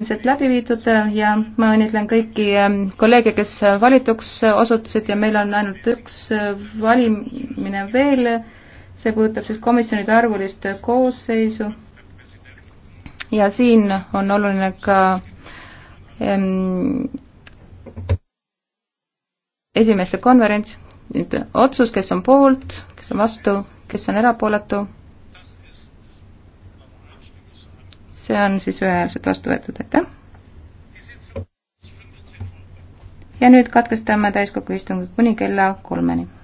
valimised läbi viidud äh, ja ma õnnitlen kõiki äh, kolleege, kes äh, valituks osutusid ja meil on ainult üks valimine veel, see puudutab siis komisjonide arvulist koosseisu. ja siin on oluline ka ähm, esimeeste konverents, nüüd otsus, kes on poolt, kes on vastu, kes on erapooletu see on siis ühehäälselt vastu võetud, aitäh. ja nüüd katkestame täiskogu istungut kuni kella kolmeni.